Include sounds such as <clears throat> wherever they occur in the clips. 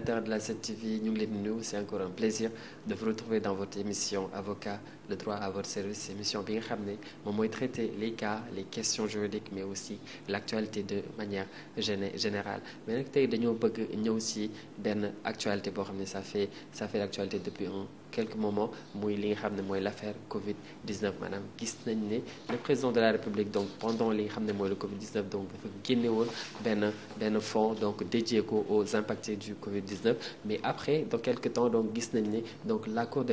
téléspectateurs de la 7TV ñu ngi leen di nuyu c'est encore un plaisir de vous retrouver dans votre émission avocat le droit à votre service émission bi nga xam ne moom mooy traiter les cas les questions juridiques mais aussi l'actualité de manière générale mais nag tey dañoo bëgg ñëw ci benn actualité boo xam ne ça fait ça fait l'actualité depuis quelques moments xam ne mooy l'affaire Covid 19 maanaam la République donc pendant li nga xam ne mooy le Covid 19 donc dafa génne woon benn ko aux impactés du Covid 19 mais après dans quelque temps donc gis nañ ne donc la Cour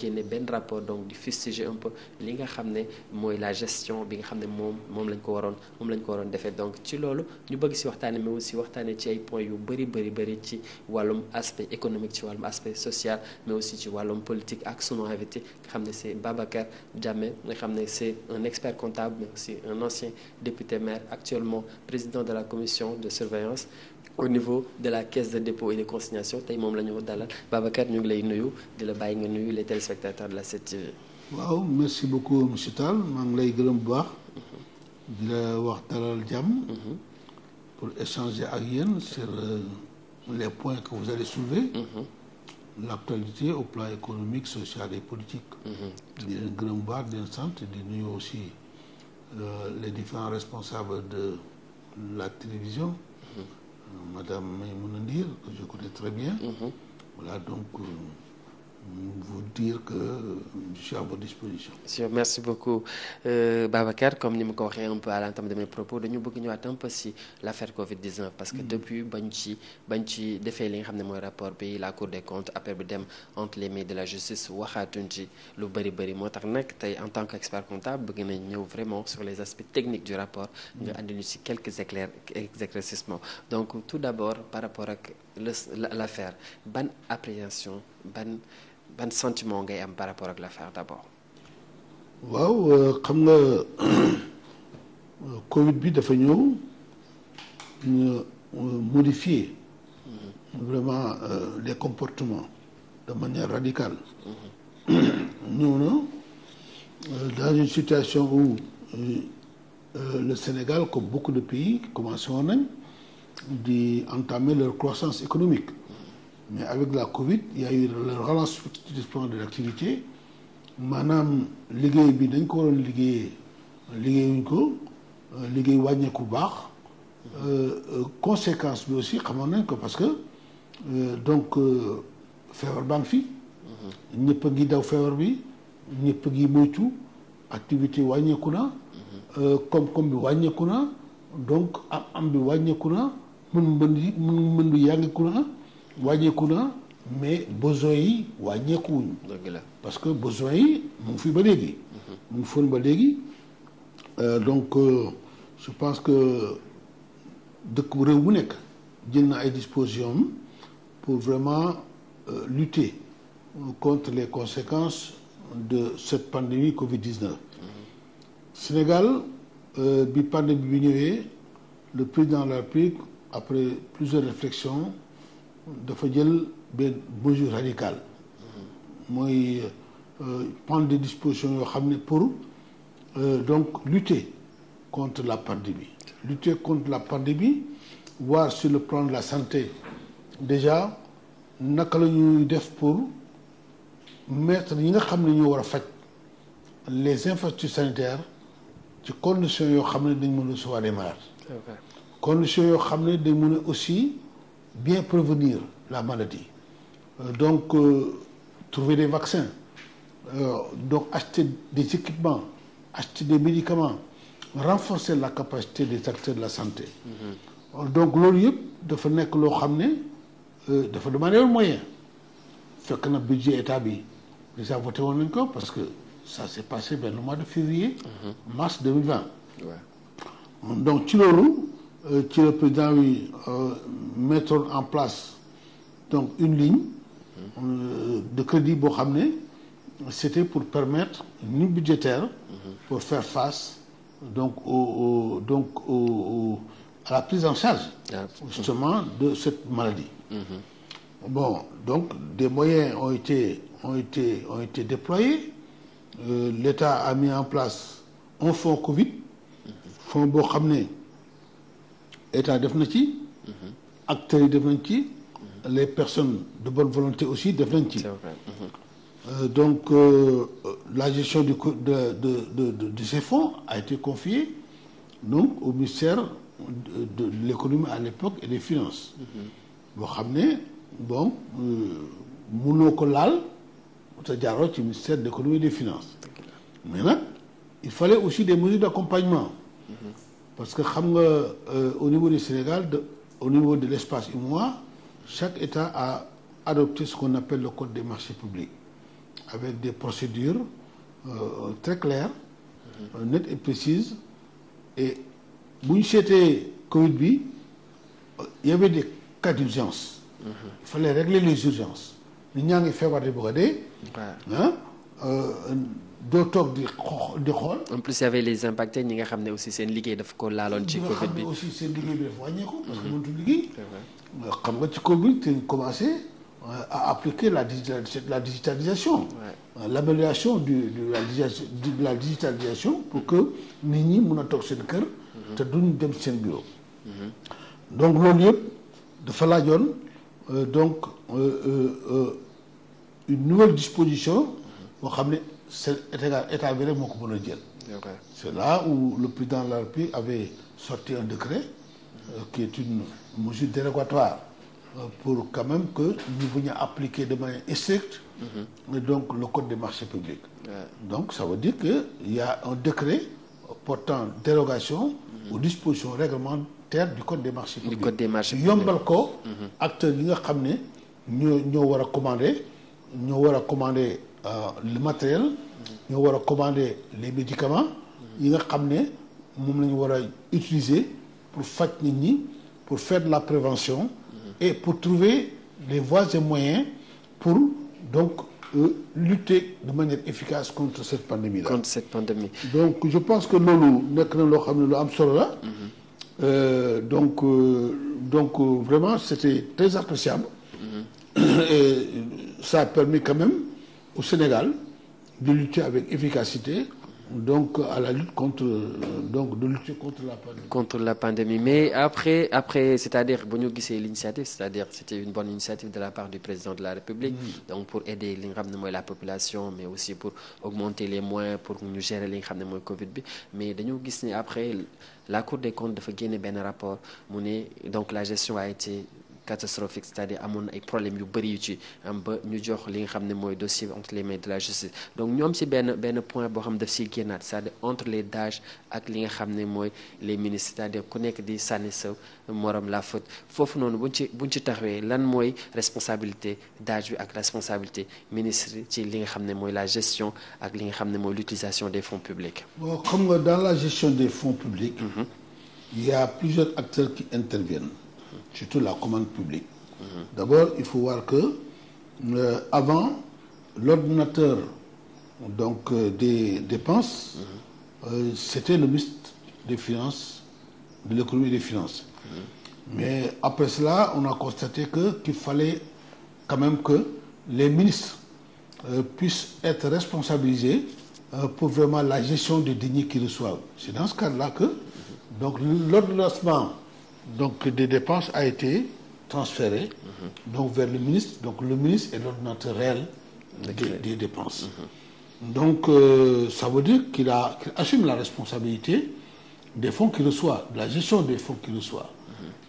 génne benn rapport donc di fustiger un li nga xam ne mooy la gestion bi nga xam ne moom moom lañ ko waroon moom lañ ko waroon defee donc ci loolu ñu bëgg si waxtaane mais aussi waxtaane ci ay points yu bëri bëri bëri ci wàllum aspect économique ci wàllum aspect social mais aussi ci wàllum homme politique ak sunu invité nga xam ne c'est Babacar Diamé nga xam ne c'est un expert comptable mais aussi un ancien député maire actuellement président de la commission de surveillance au niveau de la caisse de dépôt et de consignation tey moom la ñu dalal Babacar ñu ngi lay nuyu di la bàyyi nga nuyu les téléspectateurs de la 7TV. waaw merci beaucoup monsieur maa ngi lay gërëm bu baax. di la wax dalal jàmm. Mm-hmm. pour échanger ak yéen sur euh, les points que vous allez soulever. Mm-hmm. l' actualité au plan économique social et politique. Mm-hmm. di leen gërëm baax di leen sant di nuyu aussi euh, les différents responsables de la télévision. Mm-hmm. Euh, madame Maïmouna Ndir que je connais très bien. Mm-hmm. voilà donc. Euh, vous dire que euh, je suis à votre euh, comme ni ma ko waxee un peu à l'entame de mes propos dañu bëgg ñëwaat un peu si Covid 19. parce que mm. depuis bañ ci defee li nga xam ne mooy rapport bi la cour des comptes après bi dem entre les mains de la justice waxaatuñ ci lu bëri bëri moo tax nag tey en tant que expert comptable bëgg nañ ñëw vraiment sur les aspects techniques du rapport. nga mm. andi ñu quelques éclair éclaircissements donc tout d' par rapport ak le l' affaire ban appréhension ban. ban sentiment ngay am par rapport ak l'affaire d'abord. waaw euh, xam nga <coughs> Covid bi dafa ñëw ñu euh, modifier mm-hmm. vraiment euh, comportement comportements de manière radicale. Mm-hmm. <coughs> ñëw na euh, dans une situation où euh, Sénégal comme beaucoup de pays commencé woon nañ di entamer leur croissance économique. mais avec la Covid ya y a eu le ralentissement de l'activité maanaam liggéey bi dañ ko liggéey liggéeyee liggéeyuñ ko liggéey wàññeeku baax euh, euh, conséquence bi aussi xamoon nañ ko parce que euh, donc feebar baa fi. Mm-hmm. ñëpp a daw feebar bi ñëpp a ngi moytu activité wàññeeku na. Mm-hmm. koom-koom bi wàññeeku na donc am am bi wàññeeku na mën mën yi mën mën yàngeeku na. wàññeeku na mais besoin yi wàññeekuwuñu. dëgg la parce que besoin yi mu ngi fi ba léegi. Mhm. mu ngi fën ba léegi euh, donc euh, je pense que dëkk réew mu nekk jël na ay dispositions pour vraiment euh, lutter contre les conséquences de cette pandémie Covid-19. Mhm. Sénégal bi pandémie bi ñëwee le président de la République après plusieurs réflexions. dafa jël benn mesure radicale mooy euh, prendre de disposition yoo xam ne pour euh, donc lutter contre la pandémie lutter contre la pandémie voir sur le plan de la santé déjà naka la ñuy def pour mettre ñi nga xam ne ñoo war a faj les infrastructures sanitaires ci conditions yoo xam ne dañ mën a recevoir des malades conditions yoo xam ne dañ mën a aussi bien prévenir la maladie euh, donc euh, trouver des vaccins euh, donc acheter des équipements acheter des médicaments renforcer la capacité des acteurs de la santé mm-hmm. donc loolu yëpp dafa nekk loo xam ne dafa demander woon moyen fekk na budget état bi déjà voté woon nañ ko parce que ça s'est passé vers le mois de février mm-hmm. mars 2020 donc ci ci euh, le président bi euh, mettre en place donc une ligne euh, de crédit boo xam ne c'était pour permettre une ligne budgétaire pour faire face donc au, au donc au, au, à la prise en charge ah. justement de cette maladie bon donc des moyens ont été ont été ont été déployés euh, l'État a mis en place un fonds Covid fonds boo xam ne état def na ci. acteurs yi def nañ ci. les personnes de bonne volonté aussi def nañ ci. Mhm. Euh, donc euh, la gestion du de de de de ces fonds a été confiée donc au ministère de de l'économie à l'époque et des finances. Mhm. boo xam ne bon euh, mënoo ko laal te jaaroo ci ministère de l'économie et des finances. mais nag il fallait aussi des mesures d'accompagnement. Mhm. parce que xam nga euh, au niveau de Sénégal de au niveau de l'espace UEMOA chaque État a adopté ce qu'on appelle le code des marchés publics avec des procédures euh, très claires euh, nettes et précises et bu ñu seetee Covid bi y avait des cas d'urgence il fallait régler les urgences nit ñaa ngi feebar di bëgg a doo toog di di xool. en plus y avait les impactés ñi nga xam ne aussi seen liggéey daf ko laaloon. ci Covid bi aussi seen liggéey bi dafa wàññeeku. parce que mhm. mëntu liggéey. xam nga ci Covid te ñu commencé euh, à appliquer la la digitalisation. Ouais. Euh, l'amélioration du de la de la digitalisation pour que nit ñi mun a toog seen kër. Mhm. te duñ dem seen bureau. Mhm. donc loolu yëpp dafa laajoon euh, donc une nouvelle disposition boo xam ne. c'est état bi rek moo ko mën a jël. c'est là où le président de la République avait sorti un décret euh, qui est une mesure dérogatoire euh, pour quand même que ñu bañ appliquer de manière stricte mm mm-hmm. euh, donc le code des marchés publics donc ça veut dire que il y a un décret portant dérogation mm -hmm. aux dispositions réglementaires du code des marchés publics yombal ko mm-hmm. acteurs yi nga xam ne ñoo ñoo war a commander ñoo war a commander Euh, le matériel. nga war a commander les médicaments. yi nga xam ne moom la ñu war a utiliser pour faj nit ñi pour faire de la prévention. et pour trouver les voies et moyens pour donc euh, lutter de manière efficace contre cette pandémie là. contre cette pandémie. donc je pense que loolu nekk na loo xam ne lu am solo la. Euh, donc euh, donc euh, vraiment c'était très appréciable. Mm -hmm. et ça a permis quand même. au Sénégal de lutter avec efficacité donc à la lutte contre donc de lutter contre la pandémie. contre la pandémie mais après après c'est-à-dire bu ñu gisee l'initiative c'est-à-dire c'était une bonne initiative de la part du président de la République. Mmh. donc pour aider li nga xam ne mooy la population mais aussi pour augmenter les moyens pour ñu gérer li nga xam ne mooy Covid bi mais dañoo gis ne après la Cour des comptes dafa génne benn rapport mu ne donc la gestion a été. catastrophique c'est-à-dire amoon ay problème yu bëri yu ci am ba ñu jox li nga xam ne mooy dossier entre les mains de la justice donc ñoom si benn benn point boo xam daf siy génnaat c'est-à-dire entre les DAGE ak li nga xam ne mooy les ministres cest ku nekk di sànni sa morom la foofu noonu buñ ci buñ ci taxawee lan mooy responsabilité DAGE bi ak responsabilité ministre ci li nga xam ne mooy la gestion ak li nga xam ne mooy l'utilisation des fonds publics. bon xam nga dans la gestion des fonds publics. Mm-hmm. il y plusieurs acteurs qui interviennent. surtout la commande publique. Mmh. D'abord, il faut voir que euh, avant l'ordinateur donc euh, des dépenses mmh. euh, c'était le ministre des Finances, de l'économie et des Finances. Mmh. Mais après cela, on a constaté que qu'il fallait quand même que les ministres euh, puissent être responsabilisés euh, pour vraiment la gestion des deniers qu'ils reçoivent. C'est dans ce cadre-là que donc l'ordonnancement donc des dépenses a été transférée mmh. donc vers le ministre donc le ministre est l'ordinateur réel des, des dépenses mmh. donc euh, ça veut dire qu'il assume la responsabilité des fonds qu'il reçoit de la gestion des fonds qu'il reçoit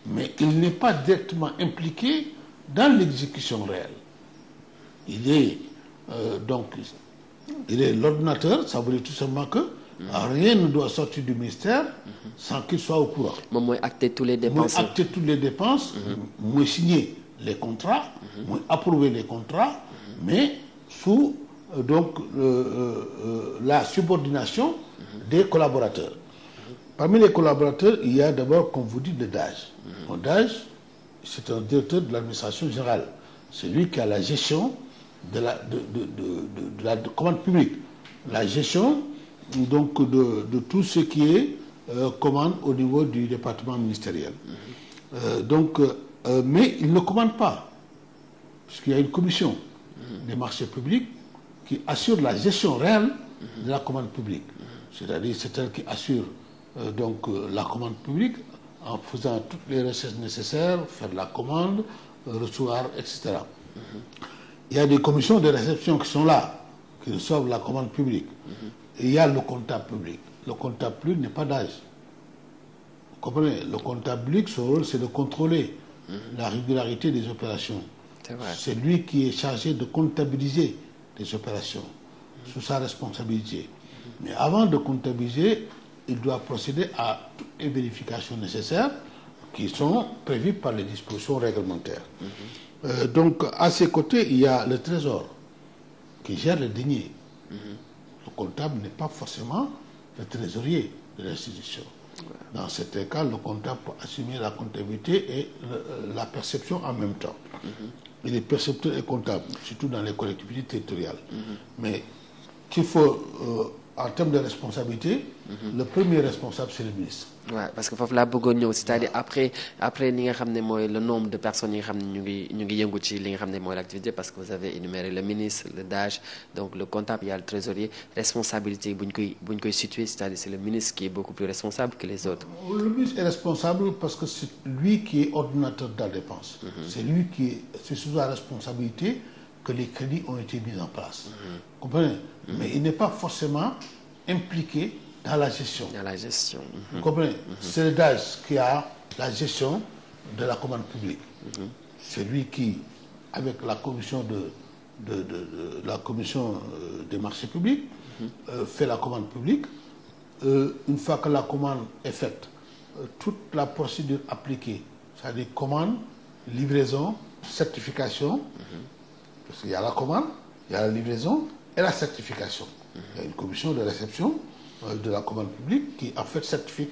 mhm. mais il n'est pas directement impliqué dans l'exécution réelle il est euh, donc il est l'ordinateur ça veut dire tout simplement Mm-hmm. alors rien ne doit sortir du ministère mm-hmm. sans qu'il soit au courant moom mooy acter tous les dépenses mooy acter toutes les dépenses mm-hmm. mooy signer les contrats mooy approuver les contrats mais sous euh, donc euh, euh, la subordination des collaborateurs parmi les collaborateurs il y a d'abord comme vous dites le DAGE le DAGE c'est un directeur de l'administration générale c'est lui qui a la gestion de la de de de de, de la commande publique la gestion donc de tout ce qui est euh, commande au niveau du département ministériel. Euh, donc euh, euh, mais il ne commande pas parce qu'il y a une commission des marchés publics qui assure la gestion réelle de la commande publique. C'est-à-dire c'est elle qui assure euh, donc la commande publique en faisant toutes les recherches nécessaires, faire la commande, recevoir, etc. Il y a des commissions de réception qui sont là, qui reçoivent la commande publique. il y a le comptable public. Le comptable public n'est pas d'âge. Vous comprenez Le comptable public, son rôle, c'est de contrôler mmh. la régularité des opérations. C'est lui qui est chargé de comptabiliser les opérations mmh. sous sa responsabilité. Mmh. Mais avant de comptabiliser, il doit procéder à toutes les vérifications nécessaires qui sont prévues par les dispositions réglementaires. Mhm. Euh, donc, à ses côtés, il y a le Trésor qui gère les deniers. Mhm. comptable n'est pas forcément le trésorier de l'institution. Ouais. Dans certains cas, le comptable peut assumer la comptabilité et le, euh, euh, la perception en même temps. Mm -hmm. Il est percepteur et comptable, surtout dans les collectivités territoriales. Mm -hmm. Mais qu'il faut euh, en termes de responsabilité. Mhm. le premier responsable c'est le ministre. waaw parce que mooy le nombre de personnes yi nga xam ne ñu ngi ñu ngi yëngu ci li nga xam ne mooy l'activité parce que vous avez énuméré le ministre le DAGE donc le comptable il y a le trésorier responsabilité bu ñu cest le ministre qui est beaucoup plus responsable que les autres. Euh, le ministre est responsable parce que c'est lui qui est ordonnateur de la dépense. Mhm. c'est sous sa responsabilité que les crédits ont été mis en place. Mhm. Comprenez? mais il n'est pas forcément impliqué dans la gestion. Dans la gestion. Mhm. Vous comprenez? Mhm. C'est le DAGE qui a la gestion de la commande publique. Mhm. C'est lui qui, avec la commission de de de, de la commission euh, des marchés publics, euh, fait la commande publique. Euh, une fois que la commande est faite, euh, toute la procédure appliquée, c'est-à-dire commande, livraison, certification, mm-hmm. parce qu'il y a la commande, il y a la livraison, la certification. Mhm. Il y a une commission de réception euh, de la commande publique qui en fait certifie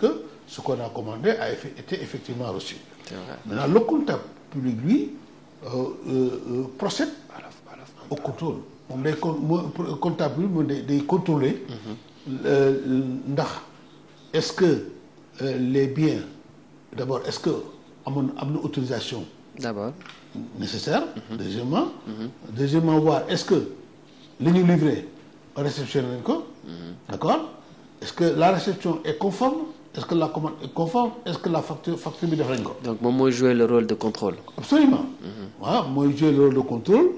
ce qu'on a commandé a été effectivement reçu. C'est le comptable public, euh, euh, euh, procède au contrôle. moom day con comptable bi moom day day contrôler. Mhm. ndax est-ce que les biens d'abord est-ce que amoon am autorisation. d'abord nécessaire. Mhm. deuxièmement. deuxièmement voir est-ce que. li ñu livré ko. Mhm. d'accord est-ce que la réception est conforme est-ce que la commande est conforme est-ce que la facture facture bi def nañ ko. donc moom mooy jouer le rôle de contrôle. absolument waaw mhm. mooy jouer le rôle de contrôle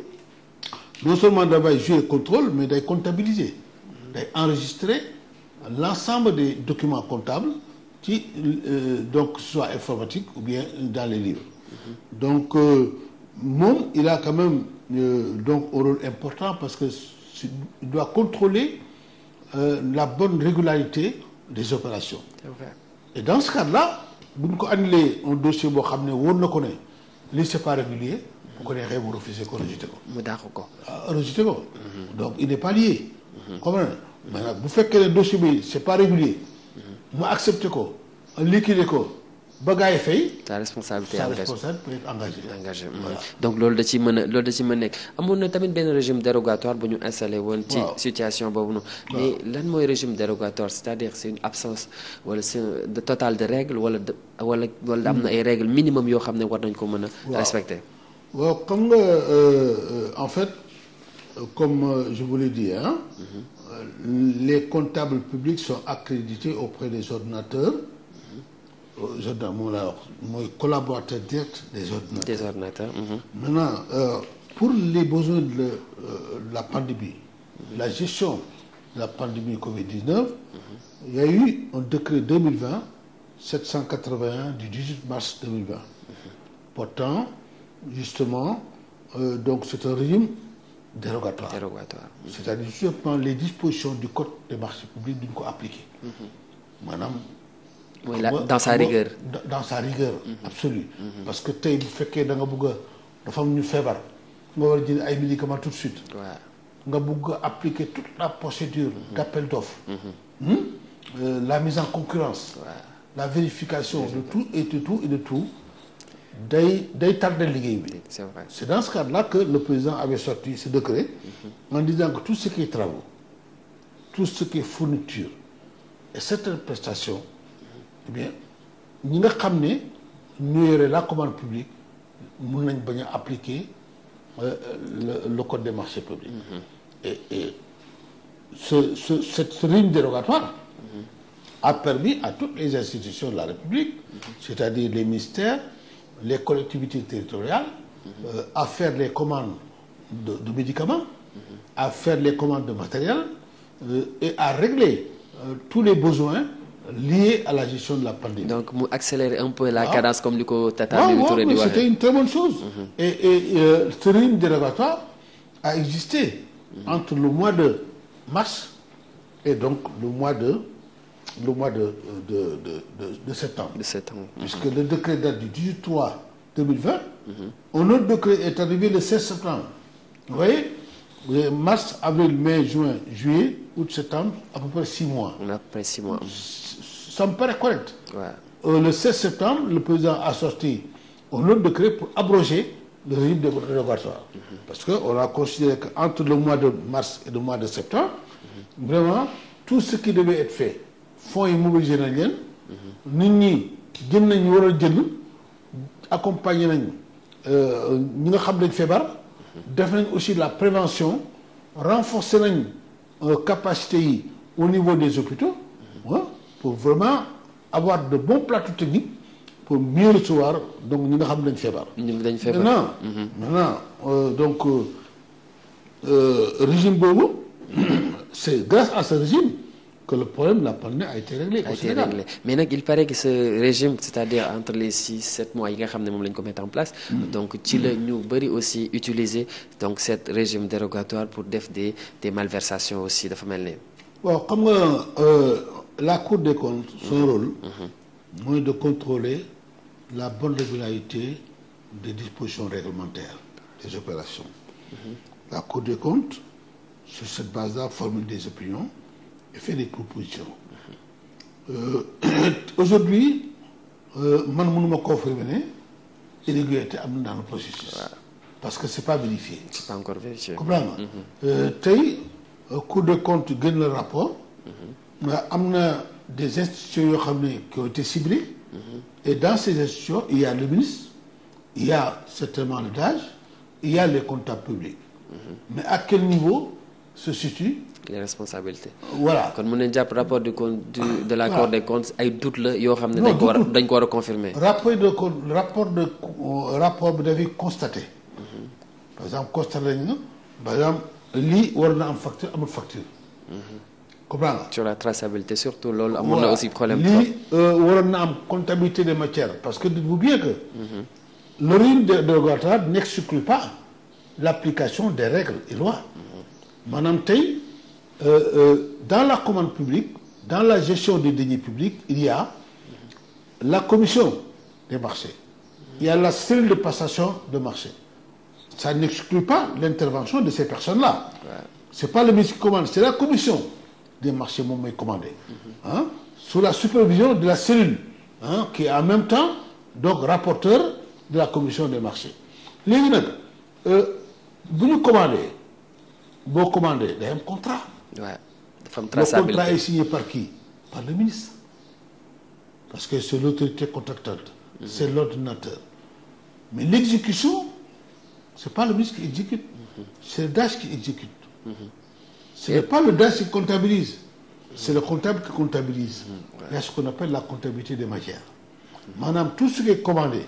non seulement dafay jouer contrôle mais day mhm. enregistrer l'ensemble des documents comptables ci euh, donc soit informatique ou bien dans les livres. donc euh, moom a quand même. Euh, donc au rôle important parce que il doit contrôler euh, la bonne régularité des opérations. et dans ce cadre-là bu ñu ko annulé un dossier boo xam ne wóor na ko ne lii c'est pas régulier bu ko neexee mu refusé ko rejeté ko. Ah, mm-hmm. donc il n'est pas lié. Mm-hmm. comprendre nga maintenant bu fekkee ne dossier bi c'est pas régulier. Mm-hmm. mu accepté ko liquider ko. ba gars yi fay. sa responsabilité engagée donc loolu da ci mën a loolu da ci mën nekk amoon na tamit benn régime dérogatoire bu ñu installé woon. ci situation boobu noonu. mais lan mooy régime dérogatoire c'est-à-dire c'est une absence wala c'est de total de règles wala de wala wala am na ay règles minimum yoo xam ne war nañ ko mën a. respecter waaw xam nga euh, en fait euh, mm-hmm. euh, les comptables publics sont accrédités auprès des ordinateurs. gendarme moom laa wax mooy collaborateur direct des des ordinateurs. Mmh. pour les besoins euh, la pandémie. Mmh. la gestion de la pandémie Covid-19. Mhm. il y a eu un décret 2020 781 du 18 mars 2020. Mhm. portant justement euh, donc c'est un régime mhm. les dispositions du code oui la dans sa rigueur dans mhm. mhm. parce que tey bu fekkee da nga bëgg dafa am ñu feebar nga war ay médicaments tout de suite. nga bëgg a appliquer toute la procédure. Mhm. d' appel hmm? euh, la mise en concurrence. la vérification de tout et de tout day day liggéey bi. c' est vrai c' est dans ce cadre là que le président avait sorti ce décret. en disant que tout ce qui est travaux. tout ce qui est fourniture et certaines prestations. eh ñi nga xam ne ñu la commande publique mun nañ bañ a appliquer euh, le le code des marchés publics. Mm-hmm. et et ce ce dérogatoire. a permis à toutes les institutions de la République. Mm-hmm. c'est-à-dire les ministères les collectivités territoriales. Mm-hmm. Euh, à faire les commandes de de médicaments. à faire les commandes de matériel. Euh, et à régler euh, tous les besoins. liées à la gestion de la pandémie. donc mu accélérer un peu la ah. cadence une très bonne chose. Mhm. et et euh, ce régime a existé. Mhm. entre le mois de mars et donc le mois de le de de de de, de septembre. de septembre. Mhm. puisque le décret date du 18 3 décret est arrivé le septembre. vous voyez. mars avril mai juin juillet août septembre à peu près six mois. sommes pas corrects. Ouais. Euh, le 16 septembre, le président a sorti un autre décret pour abroger le régime dérogatoire. Mm -hmm. Parce qu'on a considéré qu'entre le mois de mars et le mois de septembre, mhm. vraiment, tout ce qui devait être fait, fonds immobiliers généraliens, mhm. nit ñi jën nañu war a jënd accompagner nañu euh, ñi nga xam dañ feebar. Mhm. def nañ aussi la prévention renforcer nañu euh, capacité yi au niveau des hôpitaux. pour vraiment avoir de bons plateaux techniques pour mieux recevoir donc ñi nga xam ne dañ feebar. ñi lañu feebar maintenant. Mhm. maintenant euh, donc euh, euh, régime boobu <clears throat> c'est grâce à ce régime. que le problème de la pandémie a été réglé au Sénégal mais nag il paraît que ce régime c'est-à-dire entre les six sept mois yi nga xam ne moom la ko mettre en place. Mm. donc ci la ñu bëri aussi utiliser donc cet régime dérogatoire pour def des des malversations aussi dafa mel ni. waaw la Cour des comptes son rôle mooy de contrôler la bonne régularité des dispositions réglementaires des opérations la Cour des comptes sur cette base-là formule des opinions et fait des propositions euh, <coughs> aujourd'hui euh, man mënuma confirmer ne irrégularité am na dans le processus parce que c'est pas vérifié c'est pas encore vérifié mm-hmm. euh, Cour des comptes génn le rapport am na des institutions yoo xam ne qui ont été ciblées. Mm-hmm. et dans ces institutions il y a le ministre il y a certainement le DAGE il y a les comptables mm-hmm. mais à quel niveau se situent. les responsabilités. voilà kon mën jàpp rapport du compte de la Cour des comptes ay doute la yoo xam ne. dañ ko war dañ ko war a confirmer. rapport de con rapport de rapport bi dafay constaté. Mm-hmm. par exemple constaté nañ na par exemple lii war na facture amul facture. comprends sur la traçabilité surtout loolu. amoon na aussi problème trop lii euh, waroon na comptabilité des matières parce que dites-vous bien que. l'origine de de l'organigramme n'exclut pas l'application des règles et lois. maanaam tey euh, euh, dans la commande publique dans la gestion des deniers publics il y commission des marchés. il y a la cellule de passation de marché. ça n'exclut pas l'intervention de ces personnes-là. Ouais. c'est pas le ministre qui commande la commission. des marchés moom mooy commandé ah sous la supervision de la cellule ah qui est en même temps donc rapporteur de la commission des marchés léegi nag euh, bu ñu commandé boo commandé day am contrat. waaw est signé par qui par le ministre parce que c'est l'autorité contractante. Mmh. c'est l'ordinateur mais l'exécution c'est pas le ministre qui exécute. Mhm. c'est le DAGE qui exécute. Mhm. Ce n'est pas le DAS qui comptabilise, c'est le comptable qui comptabilise. Il y a ce qu'on appelle la comptabilité des matières. Maanaam tout ce qui est commandé,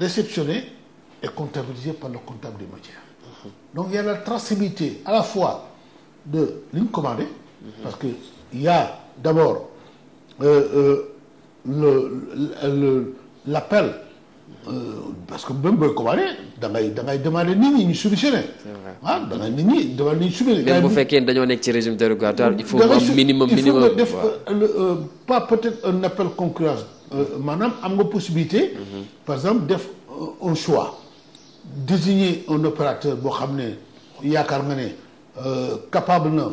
réceptionné est comptabilisé par le comptable des matières. Donc il y a la traçabilité à la fois de ligne commandée parce que il y a d'abord euh, euh, le l'appel Euh, parce que même booy commandé da ngay da ngay demandé nit ñi ñu solutionné. c'est vrai ah da ngay nit ñi demandé ñu solutionné. bu fekkee dañoo nekk ci régime dérogatoire il faut. am minimum minimum il euh, euh, peut-être un appel concurrence maanaam am nga possibilité. Mhm. par exemple def un choix. désigner un opérateur boo xam ne yaakaar nga ne capable na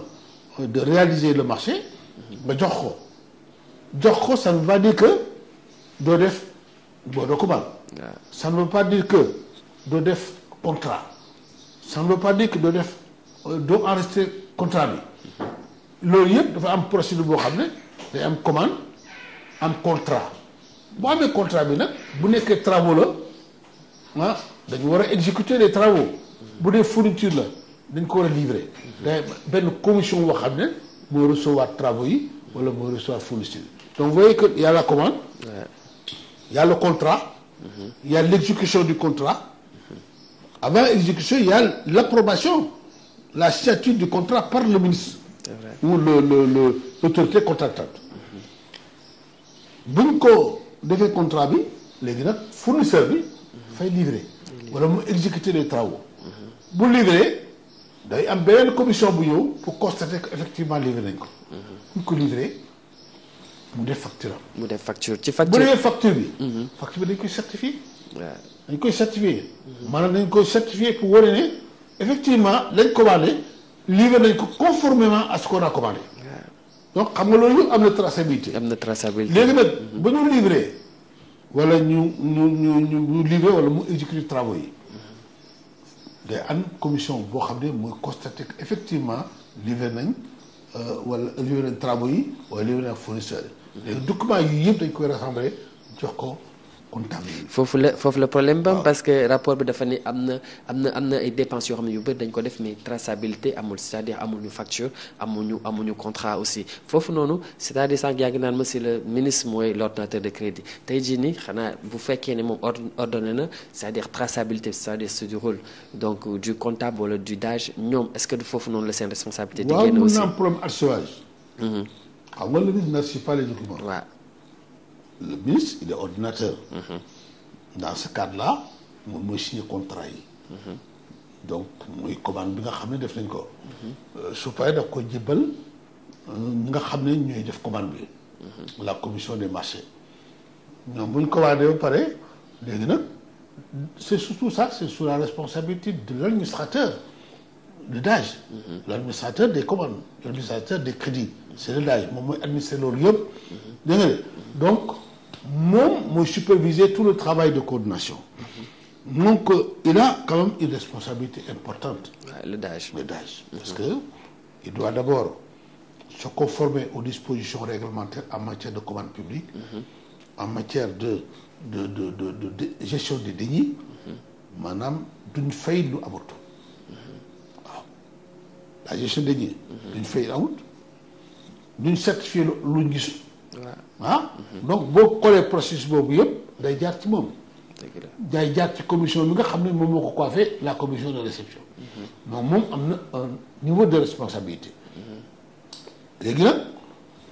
de réaliser le marché. Mhm. nga jox ko jox ko ça veut dire que doo def boo doo commande. ça ne veut pas dire que doo def contrat ça ne veut pas dire que doo def euh, doo enregistré contrat bi mm-hmm. loolu yëpp dafa am procédure boo xam ne day am commande am contrat boo amee contrat bi nag bu nekkee travaux la ah dañu war a exécuter les travaux mm-hmm. bu dee fourniture la dañ ko war a livrer mm-hmm. day benn commission boo xam ne moo recevoir travaux yi wala moo recevoir fourniture donc vous que y commande y contrat il y a l'exécution du contrat. Avant l'exécution, il y l'approbation, la signature du contrat par le ministre. ou le le le l'autorité contractante. bu ñu ko contrat bi léegi nag fournisseur bi. fay livrer. wala mu exécuter les travaux. bu livrer day am beneen commission bu ñëw pour constater effectivement livré nañ ko. bu ñu mu def facture am. mu def facture ci facture bu defee facture bi. Mhm. facture bi dañ koy certifié. waaw dañ koy certifié. maanaam dañ koy certifié pour wane ne effectivement lañ commandé livré nañ ko conformément à ce qu'on a commandé. donc xam nga loolu am na traçabilité. am na traçabilité léegi nag mhm. ba ñu livré wala ñu ñu ñu ñu livré wala mu exécuté travaux yi. day am commission boo xam ne mooy constater que effectivement livré nañ euh, wala livré nañ travaux yi wala livré nañ fournisseurs yi. léegi document yi yëpp dañ koy rassembler jox ko comptable foofu la foofu la problème ba parce que rapport bi dafa ne am na am na am na ay dépenses yoo xam ne yu bëri dañ ko def mais traçabilité amul c'est-à-dire amuñu facture amuñu amuñu contrat aussi foofu noonu c'est-à-dire sànq yaa ngi naan ma si la ministre mooy l'ordonnateur de crédit tey jii nii xanaa bu fekkee ne moom ordonné na c'est-à-dire traçabilité c'est-à-dire c'est du rôle donc du comptable wala ñoom est-ce que foofu noonu la seen responsabilité. di génn aussi waaw mun naa xam ah, nga le ministre n'archive pas les documents. waaw ordinateur. Mm-hmm. dans ce cadre là moom mooy signer contrat yi. Mm-hmm. donc muy commande bi nga xam ne def nañ ko. Mm-hmm. Euh, su paree ko jébal euh, nga xam ne ñooy def commande bi. la commission des marché ñoom bu ñu commandé ba pare léegi nag c' est surtout ça c' est la responsabilité de l' administrateur. le DAGE. l' des commandes l' administrateur des crédits c' est le DAGE moom mooy administrer loolu yëpp. donc moom mooy superviser tout le travail de coordination. donc il a quand même une responsabilité importante. parce que il doit d' abord se conformer aux dispositions réglementaires en matière de commande publique. en matière de de gestion des deniers. maanaam duñ fay lu abattu. la gestion des lieux. duñ fay la wut duñ certifié luñ gisul. ah mm-hmm. donc boo xoolee processus boobu yëpp day jaar ci moom. day jaar ci commission bi nga xam ne moom moo ko coiffé la commission de réception. Mm-hmm. donc moom am na un niveau de responsabilité. Mm-hmm. léegi nag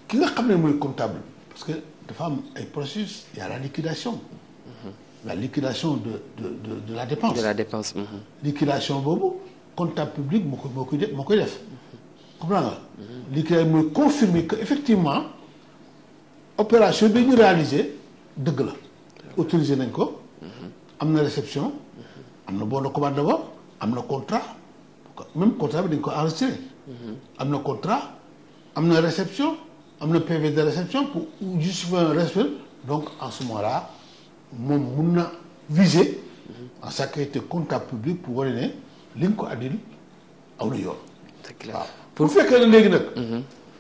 ki nga xam ne mooy comptable parce que dafa am ay processus y a la liquidation. la liquidation de la dépense. de la dépense. liquidation boobu. comptable public moo ko moo koy def moo koy def comprends nga li koy mooy confirmer que effectivement opération bi ñu réalisé dëgg la autorisé nañ ko am na réception am na bon de commande am na contrat même contrat bi dañ ko enregistré am na contrat am na réception am na PV de réception pou justifier un respect donc en ce moment là moom mun na viser en sécurité comptable public pour wane ne li nga ko addil aw lu waaw pour bu fekkee léegi nag.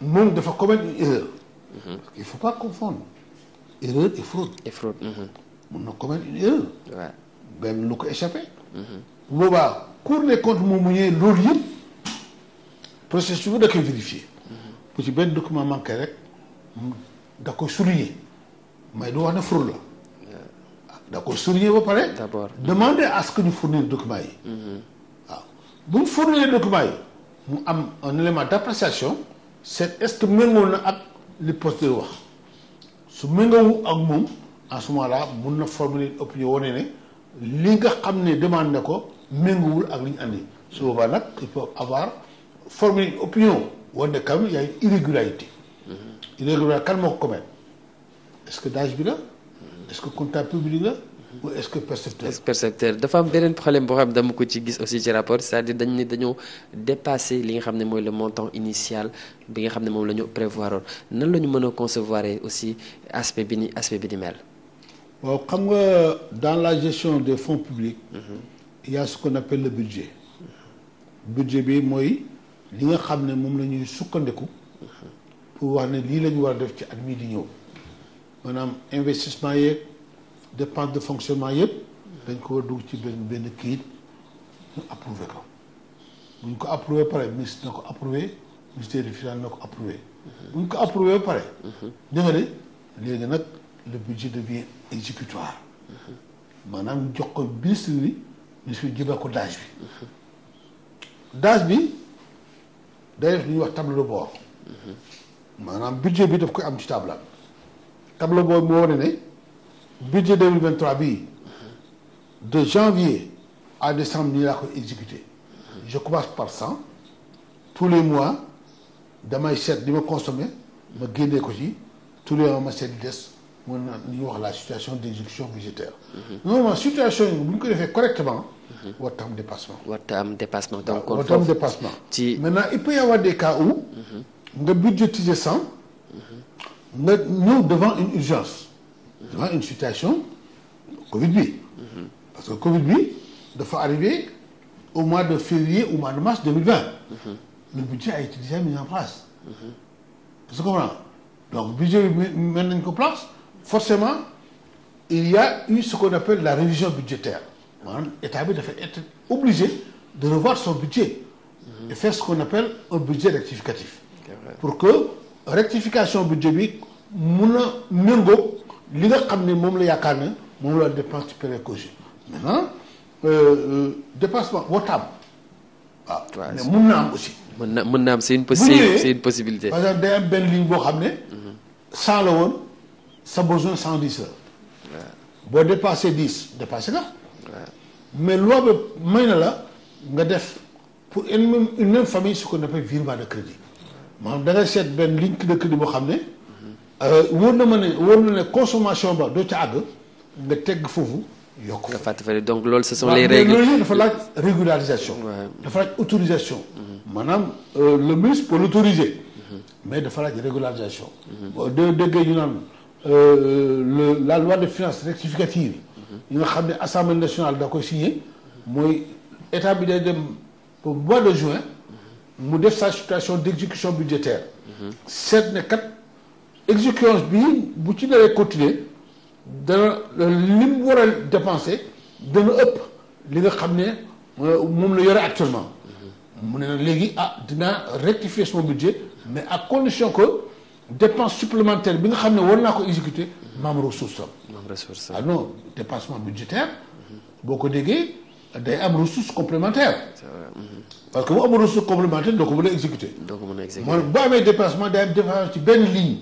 moom dafa commettre une erreur. Mhm. il faut pas confondre erreur et fraude. mun mhm. na commettre une erreur. benn lu ko échappé. bu mhm. boobaa Cour comptes moom mu ñëwee loolu yëpp processus bi da koy vérifier. bu benn document manqué rek da ko souligner mais du wax ne fraude la. da ko souligner ba pare. d' à ce que ñu fournir document yi. bu mu document yi mu am un élément d'appréciation c'est est-ce que méngoo na ak li procédure wax su méngoowu ak moom en ce moment mun na formuler opinion wane ne li nga xam ne demande na ko méngoowul ak li ñu andi su boobaa nag il peut avoir formuler opinion wane ne quand même irrégularité mm-hmm. irrégularité kan moo ko commettre est que daaj bi la est que comptable public la ou est-ce que percepteur. est-ce que dafa am beneen problème boo xam ne dama ko ci gis aussi ci rapport c'est-à-dire dañ ne li nga xam ne mooy le montant initial bi nga xam ne moom la ñu nan la ñu mën a concevoir aussi aspect bi ni aspect bi ni mel. xam nga dans la gestion des fonds publics. Mhm. il y a ce qu'on appelle bi mooy li nga xam ne moom la ñuy sukkandiku. Mhm. pour wax ne lii la war a def ci at mii di ñëw maanaam investissement yeeg. dépense de fonctionnement yëpp dañ ko war dugg ci benn benn kayit ñu approuvé ko bu ñu ko approuvé pare ministre na ko approuvé ministère du na ko approuvé bu ñu ko approuvé pare da nga ne léegi nag le budget devient exécutoire maanaam jox ko ministre bi ministre si jëbal ko daaj bi daaj bi day def lu ñuy wax tableau de bord maanaam budget bi daf koy am ci tableau tableau boobu moo wane ne budget 2023 bii de janvier à décembre nii la koy exécuté je commence par cent tous les mois damay seet li ma consommer ma génnee ko ci tous les mois ma des mën na li ñuy wax la situation d' exécution budgétaire mhm. normalement situation yi bu ko defee correctement mhm. warta am dépassement warta am dépassement donc warta am dépassement ci maintenant il peut y avoir des cas où mhm. nga budgétiser une urgence devant une situation Covid bi. parce que Covid bi dafa arrivé au mois de février au mois de mars 2020. le budget a été déjà mis en place. tu comprends donc budget bi mën nañ ko place forcément il y a eu ce qu'on appelle la révision budgétaire maanaam état bi dafa être obligé de revoir son budget. et faire ce qu'on appelle un budget rectificatif. pour que rectification budget bi mun li nga xam ne moom la yaakaar ne moom la dépense ci période Covid maintenant euh, euh, dépassement wotaam waaw ah, mun na am aussi. mën na mën na am c'est une c'est possibilité. parce que day am benn ligne boo xam ne. Mhm. cent la woon sa besoin cent dix la. waaw boo dépassé dix dépassé nga. mais loi bi may na la nga def pour une même une même famille ce qu'on appelle virement de crédit maanaam da nga seet benn ligne de crédit boo xam ne. wóor na ma ne wóor na ne consommation ba doo ci àgg nga teg foofu yokk nga fàtte fa donc loolu ce sont dafa laaj régularisation dafa laaj autorisation maanaam euh, le ministre peut l'autoriser mm-hmm. mais dafa laaj régularisation mm-hmm. de déggee ñu naan euh, le la loi de finances rectificative yi nga xam ne assemblée nationale da koy signé mooy état bi day dem pour mois de juin mu def sa situation d' exécution budgétaire mm-hmm. seet ne kat exécution bi bu ci naree continuer dana li mu war a dépenser dana ëpp li nga xam ne euh, moom la yore actuellement mu ne nag léegi ah dinaa rectifier sama budget mais à condition que dépense supplémentaire bi nga xam ne war naa ko exécuter maam ressource am ah non dépassement budgétaire boo ko déggee day am ressource complémentaire mhm. parce que bu amul ressource complémentaire doo ko mën a exécuter. doo ko mën a exécuter mooy bu amee dépassement day benn ligne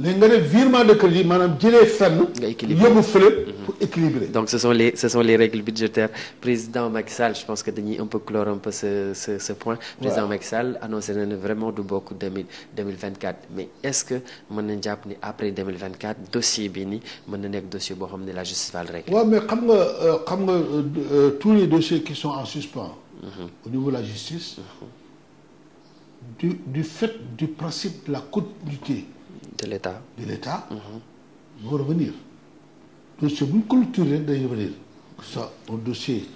léegi nga ne virement crédit maanaam jëlee fenn. nga équilibré yóbbu fële mhm. pour équilibrer. donc ce président Macky Sall je pense que dañuy un peu clore un peu ce ce ce point. président Macky Sall annoncé na ne vraiment du bokk deux mille deux mille vingt quatre mais est ce que mën nañ jàpp ni après deux mille vingt quatre dossier bi nii mën na dossier boo xam ne la justice va le régler. mais xam nga euh, xam nga euh, euh, tous les dossiers qui sont en suspens. Mhm. au niveau de la justice. Mhm. du fait du principe de la continuité. de l'État. de l'État. moo mm-hmm. revenir dossier bu ñu clôturé day que ce soit un dossier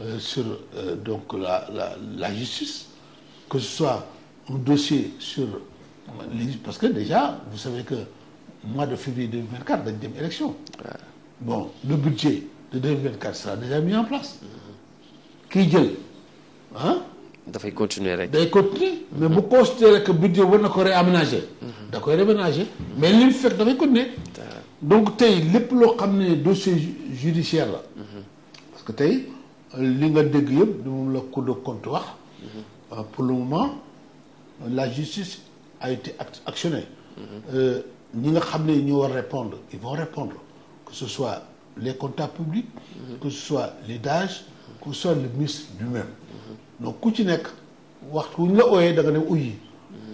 euh, sur euh, donc la la la justice que ce soit un dossier sur euh, les parce que déjà vous savez que mois de février 2024 dañ dem élection. bon de 2024 sera déjà mis en place. Mm-hmm. kiy jël dafay continuer rek. day continuer mais bu considéré que budget war na ko réaménager. da koy réaménager mais li mu fekk dafay continuer. donc tey lépp loo xam ne dossier judiciaire la. parce que tey li nga dégg yëpp moom la Cour des comptes wax. Euh, pour le moment la justice a été actionnée. Euh, ñi nga xam ne ñoo war répondre ils vont répondre que ce soit les comptables publics. que ce soit les DAGE que ce soit le ministre lui-même. donc ku ci nekk waxtu ñu la ooyee da nga ne uyi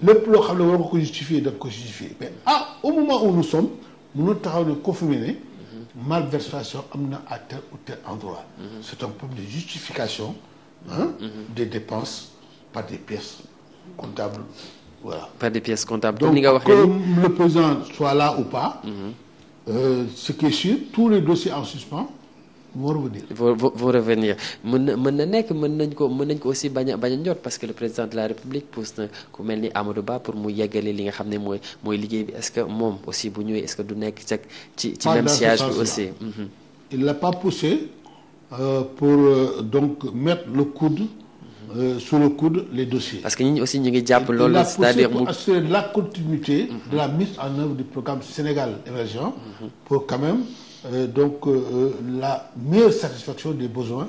lépp loo xam ne war nga ko justifier da nga ko justifier mais ah au moment où nous sommes mënul taxaw ne confirmer ne malversation am na à tel ou tel endroit c'est un problème de justification ah des dépenses par des pièces comptables par des pièces comptables donc que le président soit là ou pas mhm. euh, ce qui est sûr tous les dossiers en suspens vont revenir mën na mën na nekk mën nañ ko mën nañ ko aussi bañ a bañ a njot parce que le président de la république pousse na ku mel ni Amadou Ba pour mu yeggale li nga xam ne mooy mooy liggéey bi est-ce que moom aussi bu ñëwee est-ce que du nekk ci ci ci même siège bi aussi mhm. il l'a pas poussé euh, pour euh, donc mettre le coude mhm. euh, sous le coude les dossiers. parce que ñun aussi ñu ngi jàpp loolu. c'est-à-dire pour assurer la continuité. Mhm. de la mise en œuvre du programme Sénégal émergent. pour quand même. Euh, donc euh, euh, la meilleure satisfaction des besoins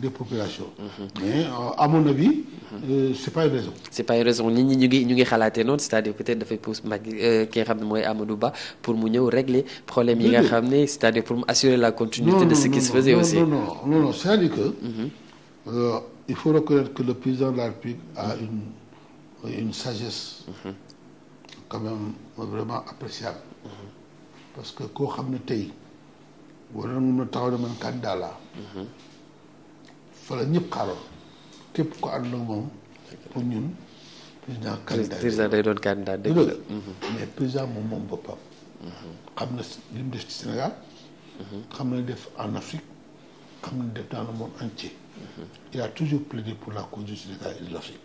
des populations. Mhm. mais à mon avis. c'est pas une raison. c'est pas une raison nit ñi ñu ngi ñu ngi xalaatee noonu c'est-à-dire peut-être dafay pousse mag ki nga xam ne mooy Amadou Ba pour mu ñëw régler problème yi nga xam ne c'est-à-dire pour mu assurer la continuité. de ce qui se faisait aussi c'est-à-dire que. Mhm. il faut reconnaître que le président de la République a une une sagesse. Mhm. quand même que koo xam ne tey. war na mun a taxaw ne man candidat laa mhm. fa ñëpp xaaroon képp ko ànd ak moom pour ñun président candidat day doon candidat dëgg la mhm. mais moom moom boppam mhm. na def ci Sénégal xam na def en Afrique xam na def dans le monde entier il a toujours plaidé pour la cause du Sénégal et de l'Afrique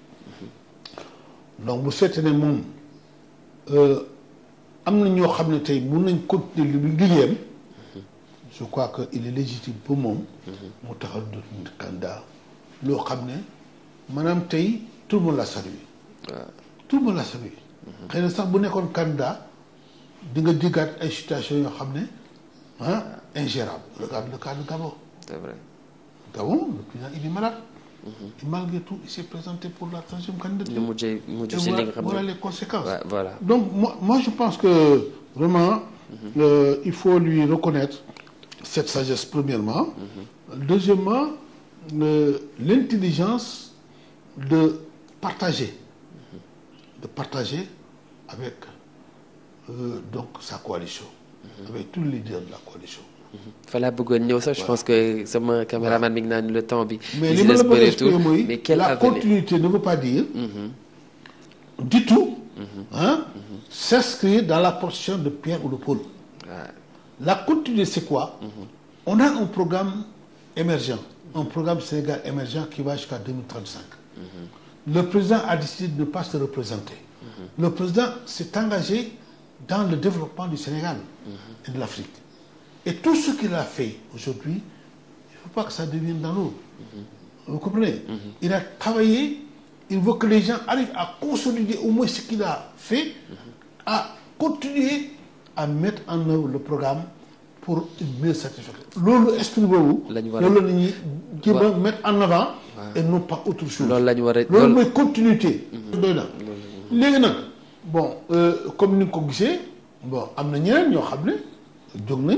donc bu fekkee ne moom euh, am na ñoo xam ne tey mun nañ continuer li mu je crois que il est légitime pour moom. mu taxaw du candidat loo xam ne maanaam tey tout le monde la salué. tout le monde la salué. xëy na sax bu nekkoon candidat di nga diggaat ay situation yoo xam ne ah ingérable. regarde le cas de Gabon. c'est vrai. Gabon le président il est malade. malgré tout il s'est présenté pour la troisième candidature. mu mujjee mujj si li les conséquences. voilà donc moi moi je pense que vraiment. Mhm. il faut lui reconnaître. cette sagesse premièrement. deuxièmement euh, l'intelligence de partager. de partager avec euh, donc sa coalition. avec tous les leaders de la coalition. falaa bëggoon ñëw je pense que sama caméraman mi ngi naan le temps bi. mais li la bëgg mooy continuité ne veut pas dire. Mhm. du tout. Mhm. hein dans la position de Pierre ou de Paul. La continuité, c'est quoi mm -hmm. On a un programme émergent, un programme Sénégal émergent qui va jusqu'à 2035. Mhm. Le président a décidé de ne pas se représenter. Mhm. Le président s'est engagé dans le développement du Sénégal mhm. et de l'Afrique. Et tout ce qu'il a fait aujourd'hui, il faut pas que ça devienne dans l'eau. Vous comprenez Il a travaillé il veut que les gens arrivent à consolider au moins ce qu'il a fait, à continuer à mettre en œuvre programme pour une meilleure certification. loolu boobu. la war a loolu la ñuy jéem a mettre en avant. et loolu la ñu war a loolu mooy continuité. Mhm. na léegi nag bon euh, comme ni nga ko gisee bon am na ñeneen ñoo xam ne jóg nañ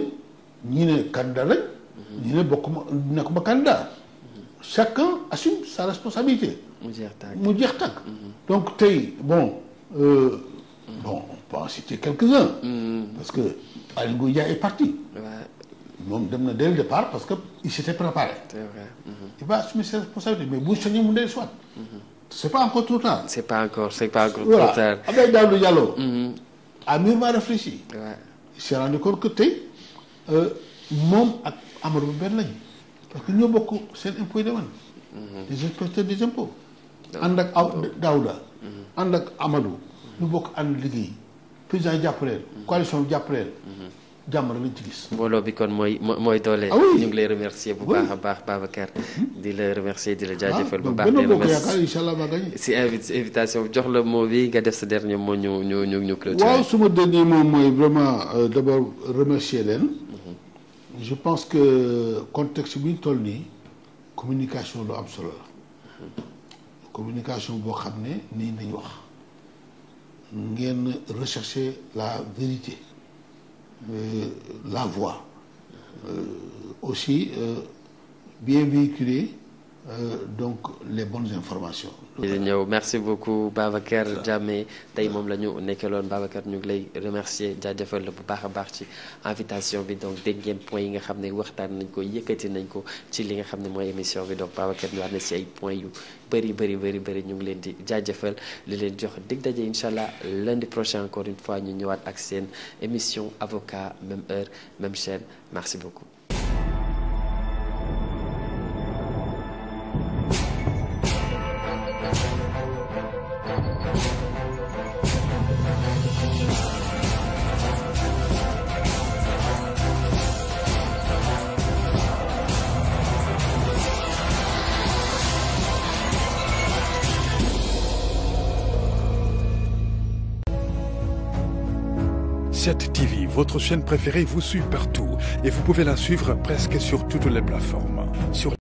ñii ne candidat lañ. Mhm. ñii ne bokkuma nekkuma candidat. Mhm. chacun assume sa responsabilité. mu jeex tàkk mu jeex tàkk donc tey bon. Euh, va en citer quelques-uns. Mm. parce que Aly Ngouille Ndiaye est parti. moom dem na dès le parce que il s'était préparé. c'est vrai. il va assumer ses responsabilités mais bu sañoon mu soit. Mm-hmm. c'est pas encore trop c'est pas encore c'est pas encore trop tard. voilà Abdoulaye Daouda Diallo. Mm-hmm. a mûrement réfléchi. waaw il s'est rendu compte que tey euh, moom ak Amadou Ba benn lañu. parce que ñoo bokk seen impôt yi demoon. les mm-hmm. inspecteurs Amadou. ñu bokk ànd liggéey. président yi jàpp leen. coalition bi jàpp mbooloo bi kon mooy mooy doole. Ah ñu ngi lay remercier bu baax a baax Babacar. di la remercier di la jaajëfal bu ah, baax. di remercier incha allah si invitation bi jox la mot bi nga def sa dernier mot ñu ñu ñu ñu. clôturer waaw suma dernier mot mooy vraiment euh, d'abord remercier leen. Mm-hmm. je pense que contexte bi ñu toll nii communication lu am solo la. Mm-hmm. communication boo xam ne nii nañ wax. ngeen rechercher la vérité euh, la voie euh, aussi euh, bien véhiculée Euh, donc les bonnes informations. ñëw merci beaucoup Babacar Diamé tey moom la ñu nekkaloon Babacar ñu ngi lay remercier jaajëfal la bu baax a baax ci invitation bi donc dégg ngeen point yi nga xam ne waxtaan nañ ko yëkkati nañ ko ci li nga xam ne mooy émission bi donc Babacar ñu war na si ay point yu bëri bëri bëri bëri ñu ngi leen di jaajëfal li leen jox dig daje incha allah lundi prochain encore une fois ñu ñëwaat ak seen émission avocat même heure même chaîne merci Votre chaîne préférée vous suit partout et vous pouvez la suivre presque sur toutes les plateformes. Sur